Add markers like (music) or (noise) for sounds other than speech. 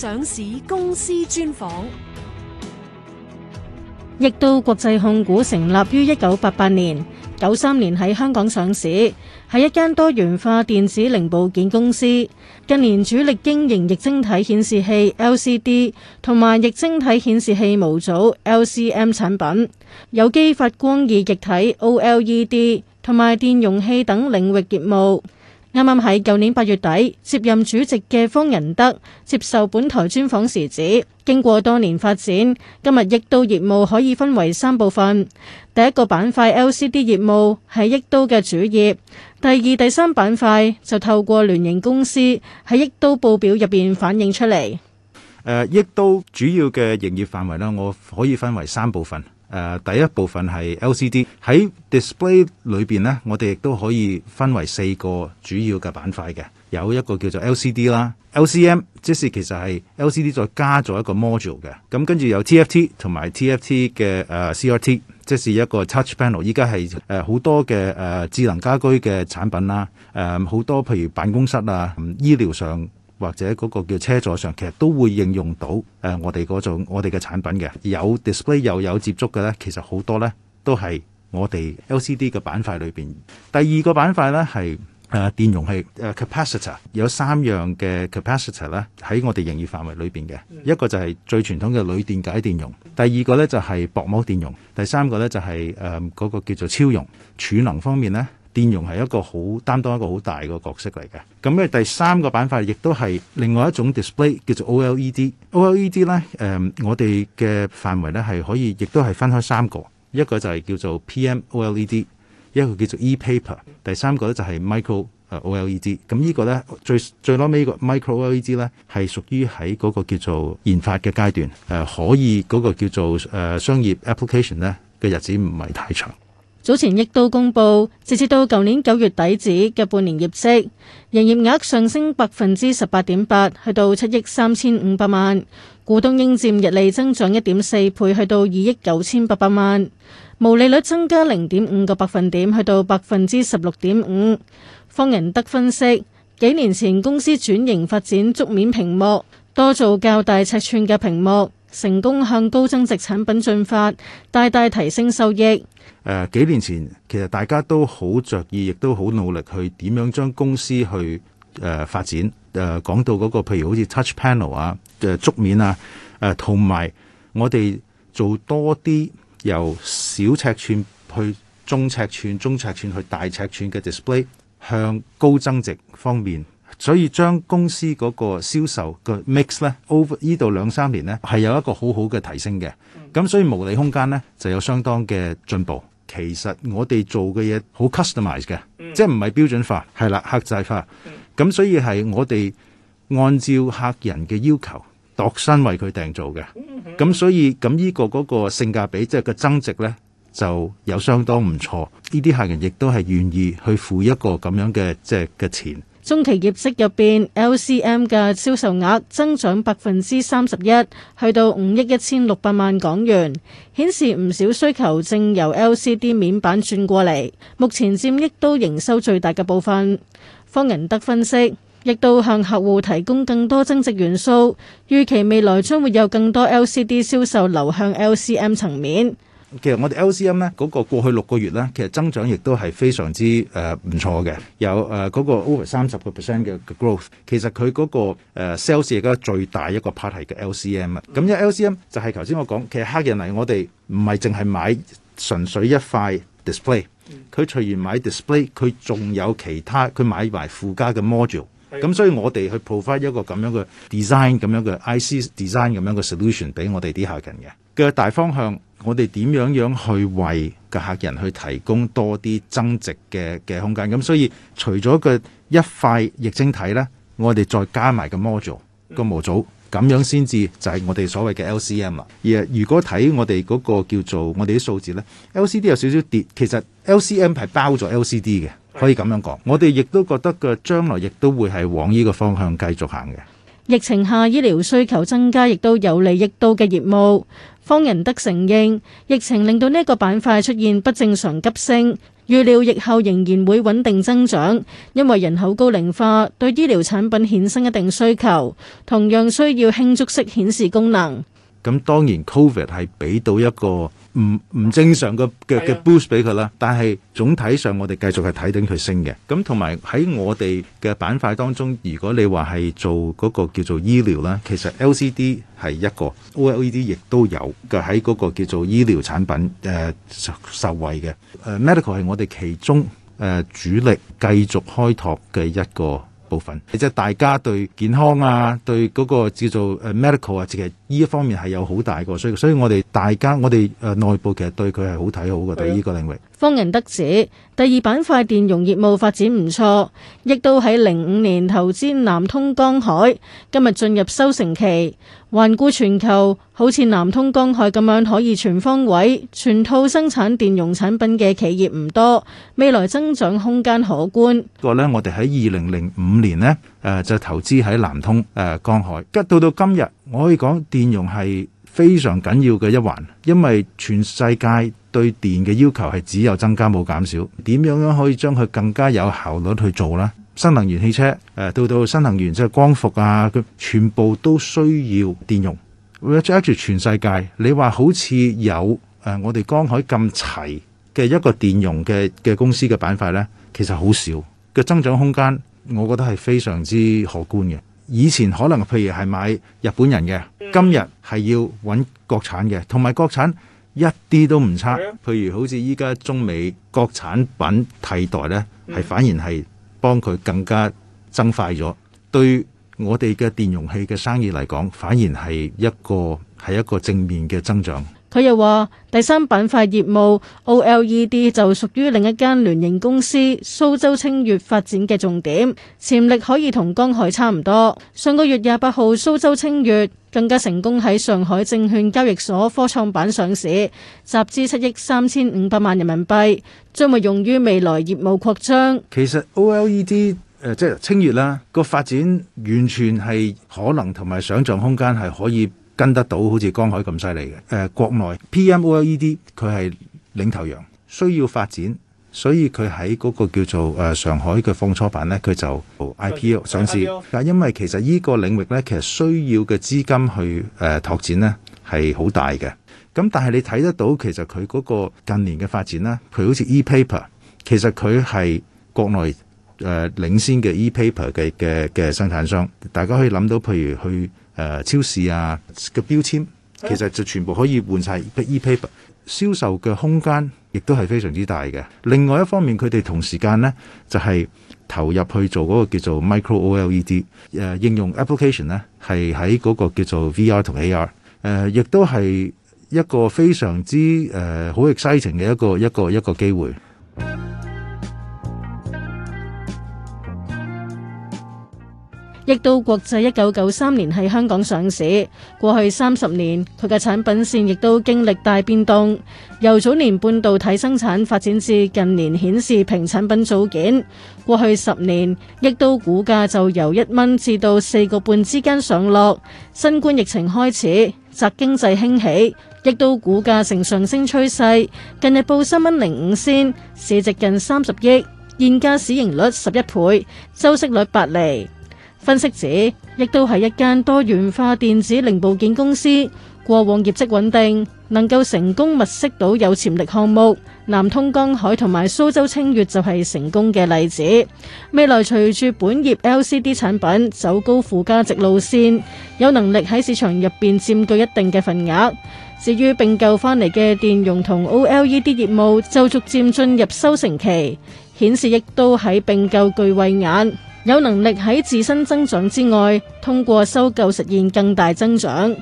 上市公司專訪，億都國際控股成立於一九八八年，九三年喺香港上市，係一間多元化電子零部件公司。近年主力經營液晶體顯示器 （LCD） 同埋液晶體顯示器模組 （LCM） 產品、有機發光二極體 （OLED） 同埋電容器等領域業務。啱啱喺舊年八月底，接任主席嘅方仁德接受本台專訪時指，經過多年發展，今日億都業務可以分為三部分。第一個板塊 LCD 業務係億都嘅主業，第二、第三板塊就透過聯營公司喺億都報表入邊反映出嚟。誒、呃，億都主要嘅營業範圍咧，我可以分為三部分。誒、呃、第一部分係 LCD 喺 display 裏面咧，我哋亦都可以分為四個主要嘅板塊嘅，有一個叫做 LCD 啦，LCM 即係其實係 LCD 再加咗一個 module 嘅，咁跟住有 TFT 同埋 TFT 嘅、uh, CRT，即係一個 touch panel。依家係好多嘅、uh, 智能家居嘅產品啦，好、uh, 多譬如辦公室啊，醫療上。或者嗰個叫車載上，其實都會應用到、呃、我哋嗰種我哋嘅產品嘅，有 display 又有，有接觸嘅咧，其實好多咧都係我哋 LCD 嘅板塊裏邊。第二個板塊咧係、呃、電容器、呃、capacitor，有三樣嘅 capacitor 咧喺我哋營業範圍裏邊嘅，一個就係最傳統嘅鋁電解電容，第二個咧就係、是、薄膜電容，第三個咧就係誒嗰個叫做超容儲能方面咧。電容係一個好擔當一個好大嘅角色嚟嘅。咁咧第三個板塊亦都係另外一種 display 叫做 OLED。OLED 咧、呃，我哋嘅範圍咧係可以，亦都係分開三個，一個就係叫做 PM OLED，一個叫做 e-paper，第三個咧就係 mic micro OLED。咁呢個咧最最攞尾個 micro OLED 咧係屬於喺嗰個叫做研發嘅階段、呃，可以嗰個叫做、呃、商業 application 咧嘅日子唔係太長。早前亦都公布，截至到舊年九月底止嘅半年業績，營業額上升百分之十八點八，去到七億三千五百萬；股東應佔溢利增長一點四倍，去到二億九千八百萬；毛利率增加零點五個百分點，去到百分之十六點五。方仁德分析，幾年前公司轉型發展足面屏幕，多做較大尺寸嘅屏幕。成功向高增值產品進發，大大提升收益、呃。幾年前其實大家都好著意，亦都好努力去點樣將公司去、呃、發展。講、呃、到嗰、嗰個譬如好似 touch panel 啊、誒、呃、觸面啊、誒同埋我哋做多啲由小尺寸去中尺寸、中尺寸去大尺寸嘅 display 向高增值方面。所以將公司嗰個銷售嘅 mix 咧，over 依度兩三年呢，係有一個好好嘅提升嘅。咁所以毛利空間呢，就有相當嘅進步。其實我哋做嘅嘢好 customize 嘅，即係唔係標準化，係啦，客製化。咁、嗯、所以係我哋按照客人嘅要求，度身為佢訂做嘅。咁、嗯、哼所以咁呢個嗰個性價比，即係個增值呢，就有相當唔錯。呢啲客人亦都係願意去付一個咁樣嘅即係嘅錢。中期業績入邊，L C M 嘅銷售額增長百分之三十一，去到五億一千六百萬港元，顯示唔少需求正由 L C D 面板轉過嚟，目前佔億都營收最大嘅部分。方仁德分析，亦都向客戶提供更多增值元素，預期未來將會有更多 L C D 銷售流向 L C M 層面。其實我哋 L C M 咧嗰個過去六個月咧，其實增長亦都係非常之誒唔錯嘅，有誒嗰、呃那個 over 三十個 percent 嘅 growth。其實佢嗰、那個 sales 而家最大一個 part 係嘅 L C M 啊。咁因為 L C M 就係頭先我講，其實客人嚟我哋唔係淨係買純粹一塊 display，佢除完買 display，佢仲有其他佢買埋附加嘅 module。咁所以我哋去 provide 一個咁樣嘅 design 咁樣嘅 IC design 咁樣嘅 solution 俾我哋啲客人嘅嘅大方向。我哋點樣樣去為個客人去提供多啲增值嘅嘅空間？咁所以除咗個一塊液晶體呢，我哋再加埋個 module，個模組咁樣先至就係我哋所謂嘅 LCM 啦。而如果睇我哋嗰個叫做我哋啲數字呢，LCD 有少少跌，其實 LCM 係包咗 LCD 嘅，可以咁樣講。我哋亦都覺得個將來亦都會係往呢個方向繼續行嘅。疫情下醫療需求增加，亦都有利億都嘅業務。方仁德承認，疫情令到呢一個板塊出現不正常急升，預料疫後仍然會穩定增長，因為人口高齡化對醫療產品衍生一定需求，同樣需要輕觸式顯示功能。咁當然，Covid 係俾到一個。唔唔正常嘅嘅嘅 boost 俾佢啦，但係總體上我哋繼續係睇頂佢升嘅。咁同埋喺我哋嘅板塊當中，如果你話係做嗰個叫做醫療啦，其實 LCD 係一個 OLED 亦都有嘅喺嗰個叫做醫療產品誒受、呃、受惠嘅、誒、呃、medical 係我哋其中誒、呃、主力繼續開拓嘅一個部分，即係大家對健康啊，對嗰個叫做誒 medical 啊，其實呢一方面係有好大個，所以所以我哋大家我哋誒內部其實對佢係好睇好嘅，對呢個領域。方仁德指，第二板塊電容業務發展唔錯，亦都喺零五年投資南通江海，今日進入收成期。環顧全球，好似南通江海咁樣可以全方位全套生產電容產品嘅企業唔多，未來增長空間可觀。個呢，我哋喺二零零五年呢、呃、就投資喺南通、呃、江海，跟到到今日，我可以講電容係。非常緊要嘅一環，因為全世界對電嘅要求係只有增加冇減少。點樣樣可以將佢更加有效率去做呢？新能源汽車，到到新能源即係光伏啊，佢全部都需要電容。我追住全世界，你話好似有誒，我哋江海咁齊嘅一個電容嘅嘅公司嘅板塊呢，其實好少嘅增長空間，我覺得係非常之可觀嘅。以前可能譬如係買日本人嘅，今日係要揾國產嘅，同埋國產一啲都唔差。譬如好似依家中美國產品替代咧，係反而係幫佢更加增快咗。對我哋嘅電容器嘅生意嚟講，反而係一個係一個正面嘅增長。佢又話：第三板塊業務 OLED 就屬於另一間聯營公司蘇州清越發展嘅重點，潛力可以同江海差唔多。上個月廿八號，蘇州清越更加成功喺上海證券交易所科創板上市，集資七億三千五百萬人民幣，將會用於未來業務擴張。其實 OLED 呃、即係、就是、清越啦、個發展完全係可能同埋想象空間係可以。跟得到好似江海咁犀利嘅，誒、呃，國內 PMOLED 佢係領頭羊，需要發展，所以佢喺嗰個叫做誒、呃、上海嘅放初版咧，佢就 I P O 上市。但因為其實呢個領域咧，其實需要嘅資金去誒、呃、拓展咧係好大嘅。咁但係你睇得到其實佢嗰個近年嘅發展啦，佢好似 e paper，其實佢係國內誒、呃、領先嘅 e paper 嘅嘅嘅生產商，大家可以諗到，譬如去。誒、呃、超市啊嘅標籤，其實就全部可以換晒。e-paper (noise) 銷售嘅空間，亦都係非常之大嘅。另外一方面，佢哋同時間呢，就係、是、投入去做嗰個叫做 micro OLED 誒、呃、應用 application 呢，係喺嗰個叫做 VR 同 AR 誒、呃，亦都係一個非常之誒好、呃、exciting 嘅一個一個一個機會。億都國際一九九三年喺香港上市，過去三十年佢嘅產品線亦都經歷大變動，由早年半導體生產發展至近年顯示屏產品組件。過去十年，億都股價就由一蚊至到四個半之間上落。新冠疫情開始，宅經濟興起，億都股價呈上升趨勢。近日報三蚊零五仙，市值近三十億，現價市盈率十一倍，周息率八厘。分析指，亦都係一間多元化電子零部件公司，過往業績穩定，能夠成功物色到有潛力項目。南通江海同埋蘇州清越就係成功嘅例子。未來隨住本業 LCD 產品走高附加值路線，有能力喺市場入邊佔據一定嘅份額。至於併購翻嚟嘅電容同 OLED 業務，就逐漸進入收成期，顯示亦都喺併購具慧眼。有能力喺自身增長之外，通過收購實現更大增長。